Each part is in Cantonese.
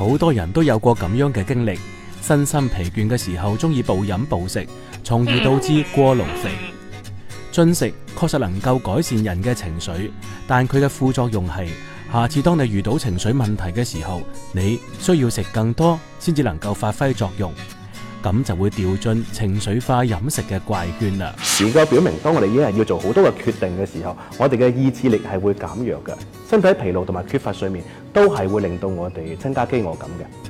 好多人都有過咁樣嘅經歷，身心疲倦嘅時候，中意暴飲暴食，從而導致過勞肥。進食確實能夠改善人嘅情緒，但佢嘅副作用係，下次當你遇到情緒問題嘅時候，你需要食更多先至能夠發揮作用。咁就會掉進情緒化飲食嘅怪圈啦。研究表明，當我哋依家要做好多嘅決定嘅時候，我哋嘅意志力係會減弱嘅。身體疲勞同埋缺乏睡眠都係會令到我哋增加飢餓感嘅。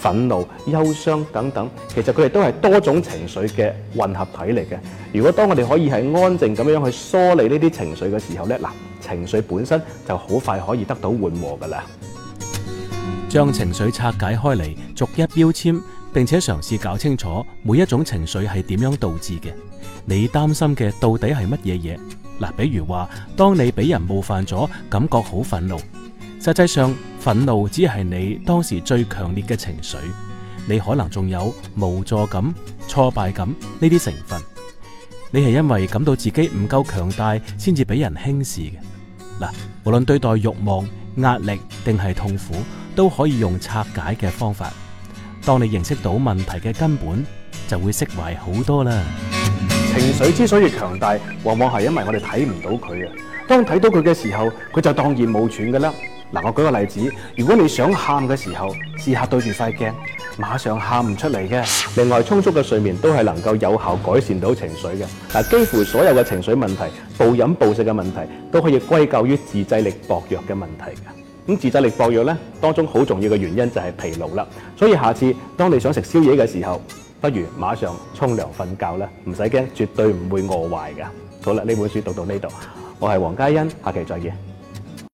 憤怒、憂傷等等，其實佢哋都係多種情緒嘅混合體嚟嘅。如果當我哋可以係安靜咁樣去梳理呢啲情緒嘅時候呢，嗱，情緒本身就好快可以得到緩和噶啦。將情緒拆解開嚟，逐一標籤，並且嘗試搞清楚每一種情緒係點樣導致嘅。你擔心嘅到底係乜嘢嘢？嗱，比如話，當你俾人冒犯咗，感覺好憤怒，實際上，憤怒只係你當時最強烈嘅情緒，你可能仲有無助感、挫敗感呢啲成分。你係因為感到自己唔夠強大，先至俾人輕視嘅。嗱，無論對待慾望、壓力定係痛苦，都可以用拆解嘅方法。當你認識到問題嘅根本，就會釋懷好多啦。情緒之所以強大，往往係因為我哋睇唔到佢啊。當睇到佢嘅時候，佢就蕩然無存噶啦。嗱，我舉個例子，如果你想喊嘅時候，試下對住塊鏡，馬上喊唔出嚟嘅。另外，充足嘅睡眠都係能夠有效改善到情緒嘅。嗱，幾乎所有嘅情緒問題、暴飲暴食嘅問題，都可以歸咎於自制力薄弱嘅問題嘅。咁自制力薄弱呢，當中好重要嘅原因就係疲勞啦。所以下次當你想食宵夜嘅時候，不如馬上沖涼瞓覺啦，唔使驚，絕對唔會餓壞㗎。好啦，呢本書讀到呢度，我係黃嘉欣，下期再見。